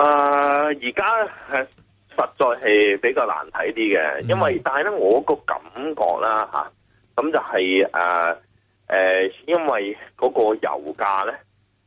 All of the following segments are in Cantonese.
誒、uh，而家係實在係比較難睇啲嘅，因為但係咧，我個感覺啦吓，咁、啊、就係誒誒，因為嗰個油價咧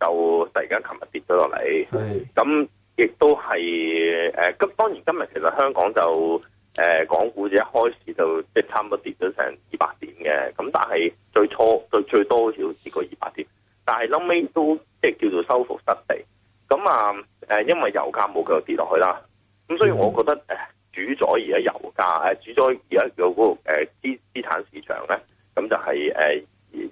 就突然間琴日跌咗落嚟，咁亦都係誒，咁、呃、當然今日其實香港就誒港股嘅一開始就即係、就是、差唔多跌咗成二百點嘅，咁但係最初最最多少跌過二百點，但係後尾都即係、就是、叫做收復失地。咁啊，誒，因為油價冇繼續跌落去啦，咁所以我覺得誒，主宰而家油價，誒，主宰而家叫嗰個誒資資產市場咧，咁就係、是、誒、呃、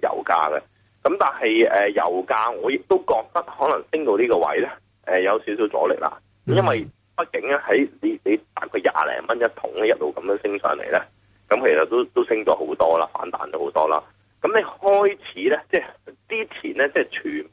油價嘅。咁但係誒、呃、油價，我亦都覺得可能升到呢個位咧，誒、呃，有少少阻力啦。Mm -hmm. 因為畢竟咧喺你你大概廿零蚊一桶一路咁樣升上嚟咧，咁其實都都升咗好多啦，反彈咗好多啦。咁你開始咧，即、就、係、是、之前咧，即、就、係、是、全。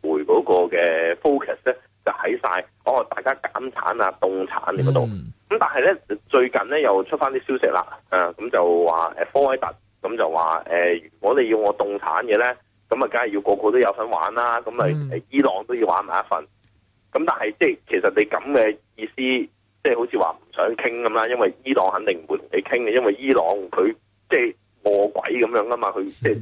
產啊，凍產嚟嗰度。咁但係咧，最近咧又出翻啲消息啦。誒、啊，咁就話誒科威特、咁、mm. 啊、就話誒、呃，如果你要我凍產嘅咧，咁啊，梗係要個個都有份玩啦。咁、mm. 啊，伊朗都要玩埋一份。咁但係即係其實你咁嘅意思，即係好似話唔想傾咁啦。因為伊朗肯定唔會同你傾嘅，因為伊朗佢即係餓鬼咁樣噶嘛。佢、mm. 即係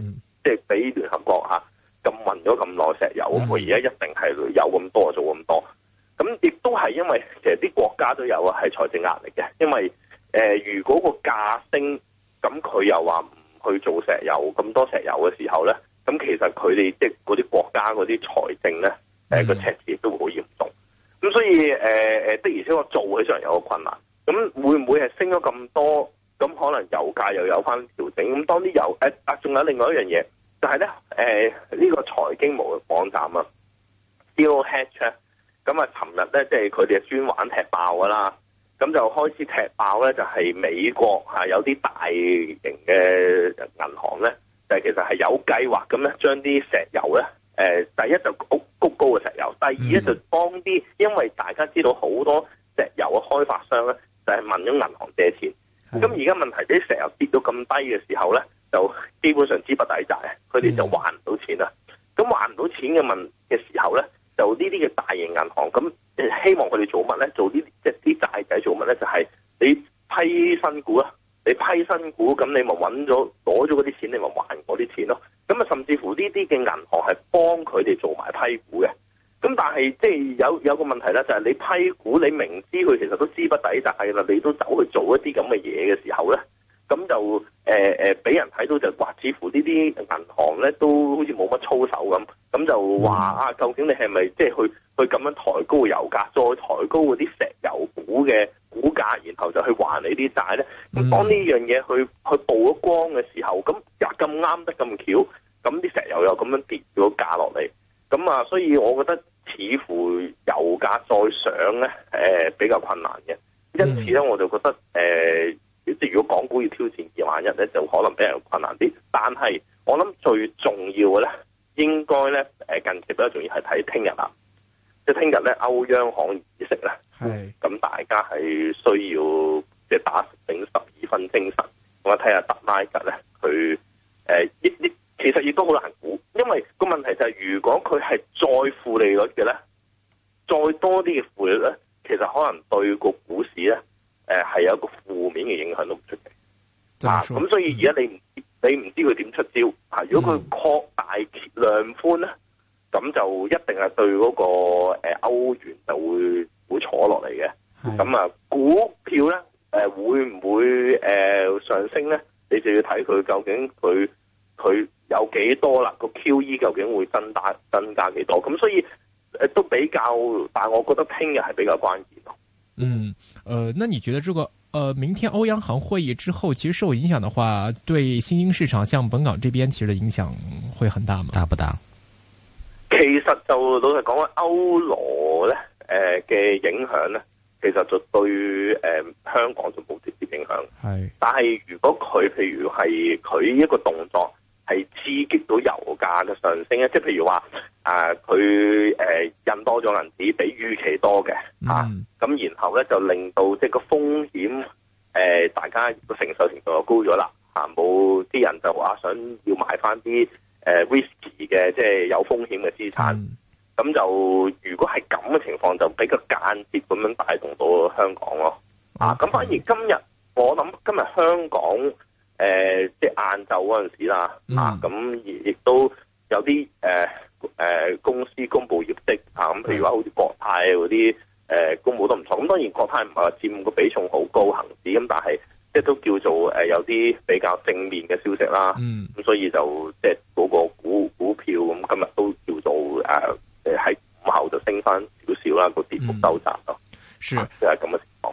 即係俾聯合國吓、啊、禁運咗咁耐石油，咁佢而家一定係有咁多做咁多。做那麼多。咁亦都係因為其實啲國家都有啊，係財政壓力嘅。因為誒、呃，如果個價升，咁佢又話唔去做石油咁多石油嘅時候咧，咁其實佢哋即係嗰啲國家嗰啲財政咧，誒個赤字都會好嚴重。咁、嗯呃呃、所以誒誒、呃、的而且確做起上嚟有個困難。咁會唔會係升咗咁多？咁可能油價又有翻調整。咁當啲油誒啊，仲、呃、有另外一樣嘢，就係咧誒呢、呃這個財經網嘅網站啊，叫 Hatch。咁啊！尋日咧，即係佢哋專玩踢爆噶啦，咁就開始踢爆咧，就係美國係有啲大型嘅銀行咧，就係其實係有計劃咁咧，將啲石油咧，第一就谷谷高嘅石油，第二咧就幫啲，嗯、因為大家知道好多石油嘅開發商咧，就係問咗銀行借錢，咁而家問題啲石油跌到咁低嘅時候咧，就基本上資不抵債，佢哋就還唔到錢啦。咁還唔到錢嘅問嘅時候咧？有呢啲嘅大型銀行咁，希望佢哋做乜咧？做呢啲即係啲債仔做乜咧？就係、是、你批新股啦，你批新股，咁你咪揾咗攞咗嗰啲錢，你咪還嗰啲錢咯。咁啊，甚至乎呢啲嘅銀行係幫佢哋做埋批股嘅。咁但係即係有有一個問題咧，就係、是、你批股，你明知佢其實都資不抵債嘅啦，你都走去做一啲咁嘅嘢嘅時候咧，咁就誒誒，俾、呃呃、人睇到就話，似乎呢啲銀行咧都好似冇乜操守咁。咁就話啊，究竟你係咪即係去去咁樣抬高油價，再抬高嗰啲石油股嘅股價，然後就去還你啲債咧？咁當呢樣嘢去去曝咗光嘅時候，咁又咁啱得咁巧，咁啲石油又咁樣跌咗價落嚟，咁啊，所以我覺得似乎油價再上咧、誒，比較困難嘅。因此咧，我就覺得誒、呃，即係如果港股要挑戰二萬一咧，就可能比較困難啲。但係我諗最重要嘅咧。應該咧，誒，近期比較重要係睇聽日啦，即係聽日咧，歐央行議息啦，係，咁大家係需要即係打醒十二分精神。我睇下達拉格咧，佢誒，亦亦其實亦都好難估，因為個問題就係，如果佢係再負利率嘅咧，再多啲嘅負利率，其實可能對個股市咧，誒、啊，係有個負面嘅影響都唔出奇。咁所以而家你唔你唔知佢點出招啊？如果佢 c 般啦，咁就一定係對嗰個誒歐元就會會坐落嚟嘅。咁啊，股票咧誒會唔會誒上升咧？你就要睇佢究竟佢佢有幾多啦？個 QE 究竟會增加增加幾多？咁所以誒都比較，但係我覺得聽日係比較關鍵咯。嗯，誒、呃，那你覺得如果誒明天歐央行會議之後，其實受影響的話，對新興市場，像本港這邊，其實嘅影響會很大嗎？大不大？其實就老實講啊，歐羅咧誒嘅影響咧，其實就對誒、呃、香港就冇直接影響。係，但係如果佢譬如係佢一個動作係刺激到油價嘅上升咧，即係譬如話誒佢誒印多咗銀紙比預期多嘅，吓、嗯、咁、啊、然後咧就令到即係個風險誒、呃、大家個承受程度又高咗啦，吓冇啲人就話想要買翻啲。誒、uh，risky 嘅即係、就是、有風險嘅資產，咁就如果係咁嘅情況，就比較間接咁樣帶動到香港咯。啊，咁反而今日我諗今日香港誒，即係晏晝嗰陣時啦，啊，咁亦都有啲誒誒公司公布業績啊，咁譬如話好似國泰嗰啲誒公布都唔錯。咁當然國泰唔係話佔個比重好高恒指，咁但係。即係都叫做誒，有啲比較正面嘅消息啦。嗯，咁所以就即係嗰個股股票咁，今日都叫做誒，喺午後就升翻少少啦，個跌幅收窄咯、嗯。是，即係咁樣。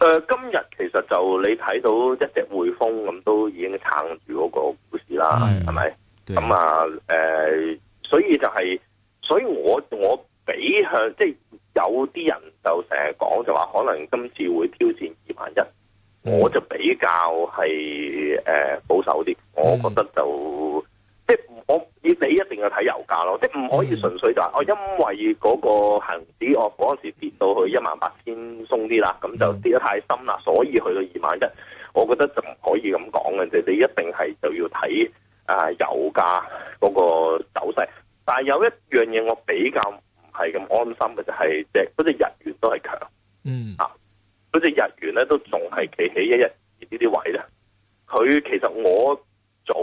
誒、呃，今日其實就你睇到一隻匯豐咁都已經撐住嗰個股市啦，係、嗯、咪？咁啊，誒、嗯嗯呃，所以就係、是，所以我我比向即係有啲人就成日講就話，可能今次會挑戰二萬一、哦，我就比較係誒、呃、保守啲，我覺得就、嗯、即係我你一定要睇油價咯，嗯、即係唔可以純粹就係，我因為嗰個恒指我嗰陣時到去一萬八千鬆啲啦，咁就跌得太深啦，所以去到二萬一，我覺得就唔可以咁講嘅，即係你一定係就要睇啊、呃、油價嗰個走勢。但係有一樣嘢我比較唔係咁安心嘅，就係即係嗰隻日元都係強，嗯啊，嗰隻日元咧都仲係企喺一日呢啲位咧。佢其實我早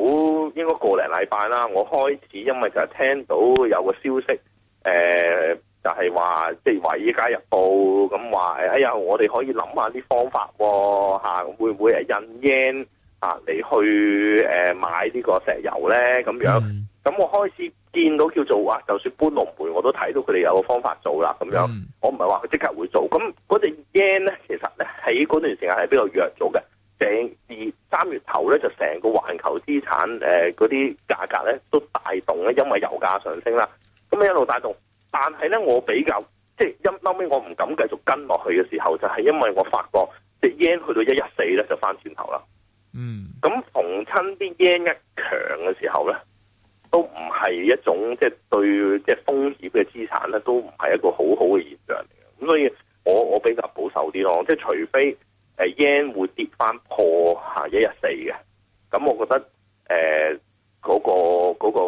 應該個零禮拜啦，我開始因為就係聽到有個消息，誒、呃。就係、是、話，即係話依家日報咁話，哎呀，我哋可以諗下啲方法喎、哦、嚇，會唔會係印 yen 嚇去誒、呃、買呢個石油咧？咁樣咁、嗯、我開始見到叫做哇，就算搬龍門我都睇到佢哋有個方法做啦。咁樣、嗯、我唔係話佢即刻會做，咁嗰隻 yen 咧，其實咧喺嗰段時間係比較弱咗嘅。正二三月頭咧，就成個環球資產誒嗰啲價格咧都大動咧，因為油價上升啦，咁一路大動。但係咧，我比較即係因後尾我唔敢繼續跟落去嘅時候，就係、是、因為我發覺隻 yen 去到一一四咧就翻轉頭啦。嗯，咁逢親啲 yen 一強嘅時候咧，都唔係一種即係對即係風險嘅資產咧，都唔係一個好好嘅現象嚟嘅。咁所以我，我我比較保守啲咯，即係除非誒 yen、呃、會跌翻破下一一四嘅，咁、啊、我覺得誒嗰、呃那個嗰、那個誒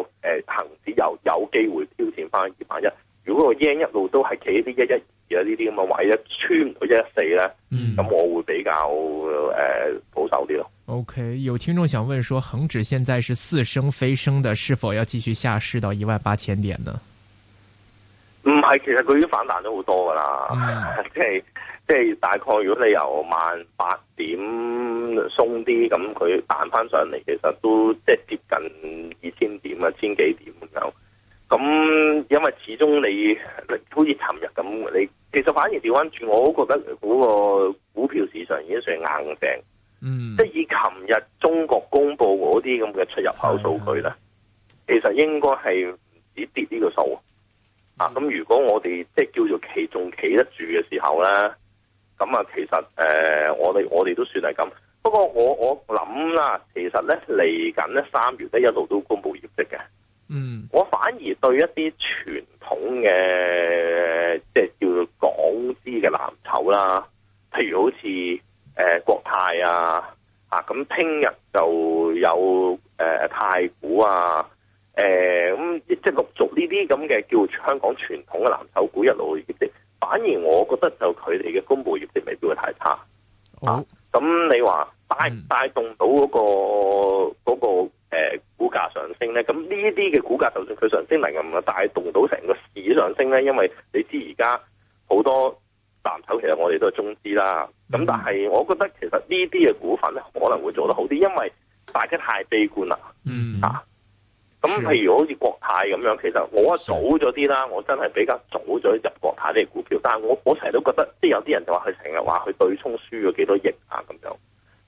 恒指有有機會挑戰翻二萬一。如果我一一路都係企喺啲一一二啊呢啲咁嘅位一穿到一一四咧，咁我會比較誒、呃、保守啲咯。OK，有聽眾想問說，恒指現在是似升非升的，是否要繼續下市到一萬八千點呢？唔係，其實佢已經反彈咗好多噶啦、嗯， 即係即係大概如果你由萬八點鬆啲，咁佢彈翻上嚟，其實都即係接近二千點啊，千幾點有。咁，因為始終你，你，好似琴日咁，你其實反而調翻轉，我覺得嗰個股票市場已經算硬淨。嗯，即係以琴日中國公布嗰啲咁嘅出入口數據咧、嗯，其實應該係唔止跌呢個數、嗯。啊，咁如果我哋即係叫做企仲企得住嘅時候咧，咁啊，其實誒、呃，我哋我哋都算係咁。不過我我諗啦，其實咧嚟緊咧三月咧一路都公布業績嘅。嗯，我反而對一啲傳統嘅即係叫做港資嘅藍籌啦，譬如好似誒、呃、國泰啊，啊咁聽日就有誒太古啊，誒、呃、咁即係陸續呢啲咁嘅叫香港傳統嘅藍籌股一路去跌，反而我覺得就佢哋嘅公佈業績未必會太差、哦、啊。咁你話帶唔、嗯、帶動到嗰、那個？呢啲嘅股價，就算佢上升嚟，咁啊帶動到成個市上升咧。因為你知而家好多站頭，其實我哋都係中資啦。咁、嗯、但係，我覺得其實呢啲嘅股份咧，可能會做得好啲，因為大家太悲觀啦。嗯啊，咁譬如好似國泰咁樣、嗯，其實我早咗啲啦，我真係比較早咗入國泰啲股票。但係我我成日都覺得，即係有啲人就話佢成日話佢對沖輸咗幾多億啊咁樣。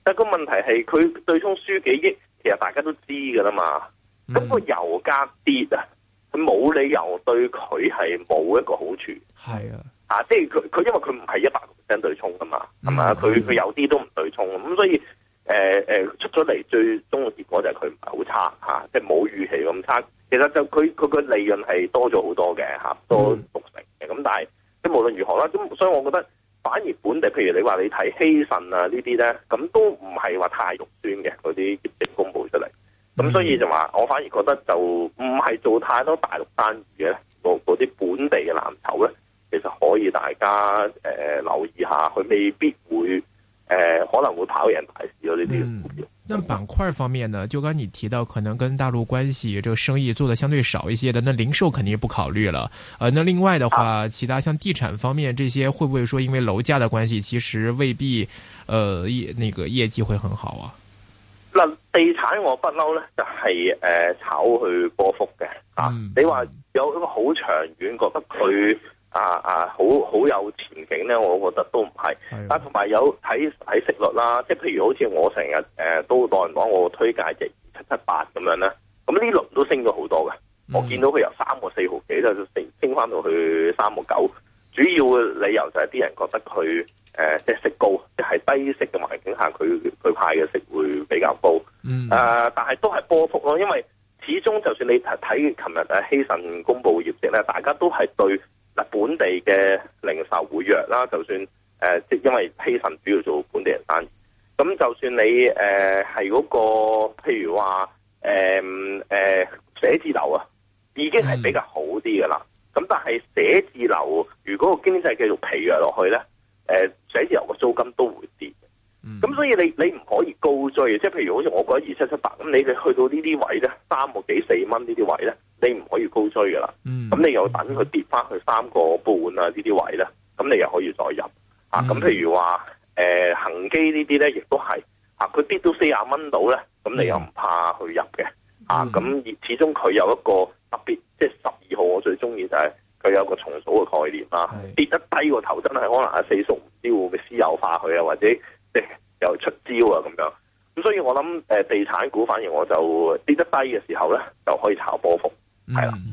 但係個問題係，佢對沖輸幾億，其實大家都知噶啦嘛。咁、嗯、個油價跌啊，佢冇理由對佢係冇一個好處。係啊，啊，即係佢佢因為佢唔係一百 percent 對衝噶嘛，係、嗯、嘛，佢佢、嗯、有啲都唔對衝咁，所以誒誒、呃、出咗嚟最終嘅結果就係佢唔係好差吓、啊，即係冇預期咁差。其實就佢佢個利潤係多咗好多嘅。吓、啊，多六成嘅。咁、嗯、但係即係無論如何啦，咁所以我覺得反而本地譬如你話你睇希慎啊呢啲咧，咁都唔係話太肉酸嘅嗰啲。咁、嗯、所以就話，我反而覺得就唔係做太多大陸生意嘅，嗰啲本地嘅藍籌咧，其實可以大家誒、呃、留意一下，佢未必會誒、呃、可能會跑贏大市呢啲。嗯，那板塊方面呢，就剛才你提到可能跟大陸關係，這個生意做得相對少一些的，那零售肯定不考慮了。呃，那另外的話，啊、其他像地產方面這些，會不會説因為樓價的關係，其實未必，呃，那個業績會很好啊？嗯地產我不嬲咧，就係、是呃、炒去波幅嘅。你話有個好長遠，覺得佢啊啊，好好有前景咧，我覺得都唔係、嗯。但同埋有睇睇息率啦，即係譬如好似我成日誒都多人講我推介隻二七七八咁樣啦，咁呢輪都升咗好多嘅。我見到佢由三個四毫幾，都升升翻到去三個九。主要嘅理由就係啲人覺得佢。誒、呃，即係息高，即係低息嘅環境下，佢佢派嘅息會比較高。嗯，誒，但係都係波幅咯，因為始終就算你睇，睇琴日誒，希慎公布業績咧，大家都係對嗱本地嘅零售會弱啦。就算誒，即、呃、因為希慎主要做本地人生意，咁就算你誒係嗰個，譬如話誒誒寫字樓啊，已經係比較好啲噶啦。咁、mm -hmm. 但係寫字樓，如果個經濟繼續疲弱落去咧？誒、呃，寫字樓嘅租金都會跌的，咁、嗯、所以你你唔可以高追，即係譬如好似我講二七七八，咁你哋去到呢啲位咧，三個幾四蚊呢啲位咧，你唔可以高追噶啦。咁、嗯、你又等佢跌翻去三個半啊呢啲位咧，咁你又可以再入、嗯、啊。咁譬如話誒恒基呢啲咧，亦都係啊，佢跌到四廿蚊度咧，咁你又唔怕去入嘅、嗯、啊？咁始終佢有一個特別，即係十二號我最中意就係、是。佢有個重組嘅概念啦，跌得低，個頭真係可能係四叔，唔知會唔會私有化佢啊，或者即係、欸、又出招啊咁樣。咁所以我諗誒、呃、地產股反而我就跌得低嘅時候咧，就可以炒波幅，係啦。嗯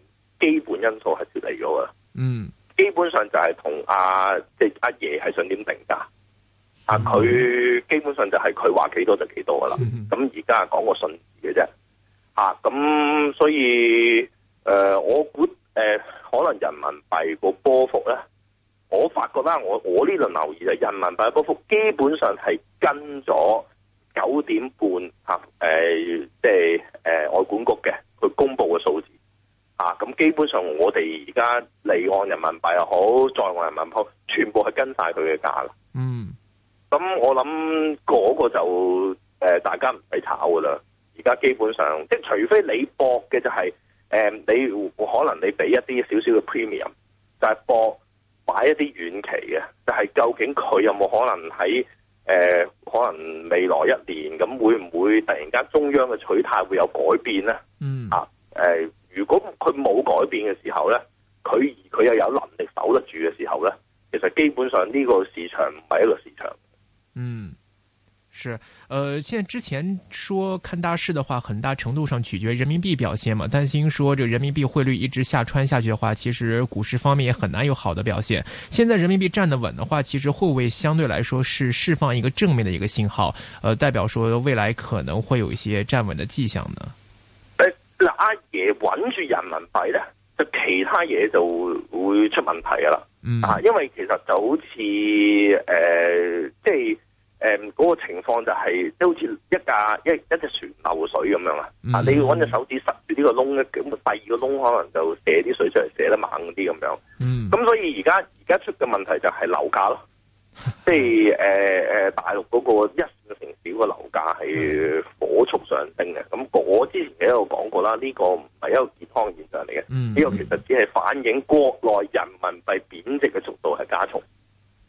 基本因素係脫離咗啊！嗯，基本上就係同阿即阿爺係想點定價，啊佢、嗯啊、基本上就係佢話幾多就幾多噶啦。咁、嗯啊、而家係講個順字嘅啫，吓、啊、咁所以誒、呃、我估誒、呃、可能人民幣個波幅咧，我發覺啦。我我呢輪留意就人民幣嘅波幅基本上係跟咗九點半吓誒即係誒外管局嘅佢公布嘅數字。啊，咁基本上我哋而家離岸人民幣又好，在岸人民幣好，全部係跟晒佢嘅價啦。嗯，咁我諗嗰個就誒、呃，大家唔使炒噶啦。而家基本上，即係除非你博嘅就係、是、誒、呃，你可能你俾一啲少少嘅 premium，就係博擺一啲遠期嘅，就係、是、究竟佢有冇可能喺誒、呃，可能未來一年咁會唔會突然間中央嘅取態會有改變咧？嗯，啊，誒、呃。如果佢冇改變嘅時候呢，佢而佢又有能力守得住嘅時候呢，其實基本上呢個市場唔係一個市場。嗯，是，呃，現在之前說看大市的話，很大程度上取決於人民幣表現嘛。擔心說，這人民幣匯率一直下穿下去嘅話，其實股市方面也很難有好的表現。現在人民幣站得穩嘅話，其實會不會相對來說是釋放一個正面嘅一個信號？呃，代表說未來可能會有一些站穩嘅跡象呢？穩住人民幣咧，就其他嘢就會出問題噶啦、嗯。因為其實就好似誒，即係誒嗰個情況就係，是，即係好似一架一一隻船漏水咁樣啊。啊、嗯，你要搵隻手指塞住呢個窿咧，咁第二個窿可能就射啲水出嚟，射得猛啲咁樣。咁、嗯、所以而家而家出嘅問題就係樓價咯。 即係誒誒，大陸嗰個一線嘅城市嘅樓價係火速上升嘅。咁我之前喺度講過啦，呢、這個唔係一個健康現象嚟嘅。嗯、呢、嗯這個其實只係反映國內人民幣貶值嘅速度係加速。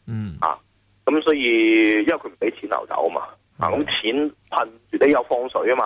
嗯，啊，咁所以因為佢唔俾錢流走啊嘛、嗯，啊，咁錢噴住你有放水啊嘛，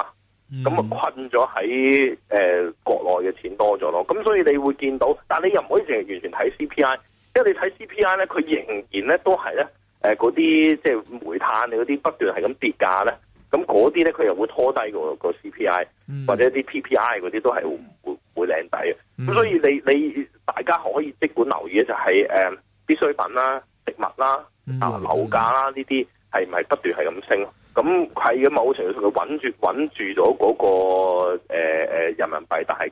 咁、嗯、啊困咗喺誒國內嘅錢多咗咯。咁所以你會見到，但係你又唔可以淨係完全睇 CPI。因係你睇 CPI 咧，佢仍然咧都係咧，誒嗰啲即係煤炭嗰啲不斷係咁跌價咧，咁嗰啲咧佢又會拖低個 CPI、嗯、或者啲 PPI 嗰啲都係會會靚底嘅。咁、嗯、所以你你大家可以即管留意就係誒必需品啦、食物啦、啊樓價啦呢啲係咪不斷係咁升？咁係喺某程度上佢穩住穩住咗嗰、那個誒誒、呃、人民幣，但係。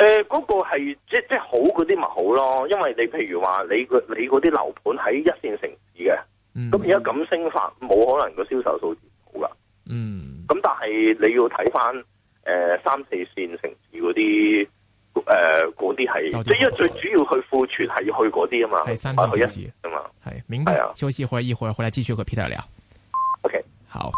誒、呃，嗰、那個係即即好嗰啲咪好咯，因為你譬如話你個你嗰啲樓盤喺一線城市嘅，咁而家咁升法，冇可能個銷售數字好噶。嗯，咁但係你要睇翻誒三四線城市嗰啲誒嗰啲係，因為最主要去庫存係要去嗰啲啊嘛，係三四線啊一線嘛，係明白，啊。休息一會兒，一會回來繼續個 Peter 聊。OK，好。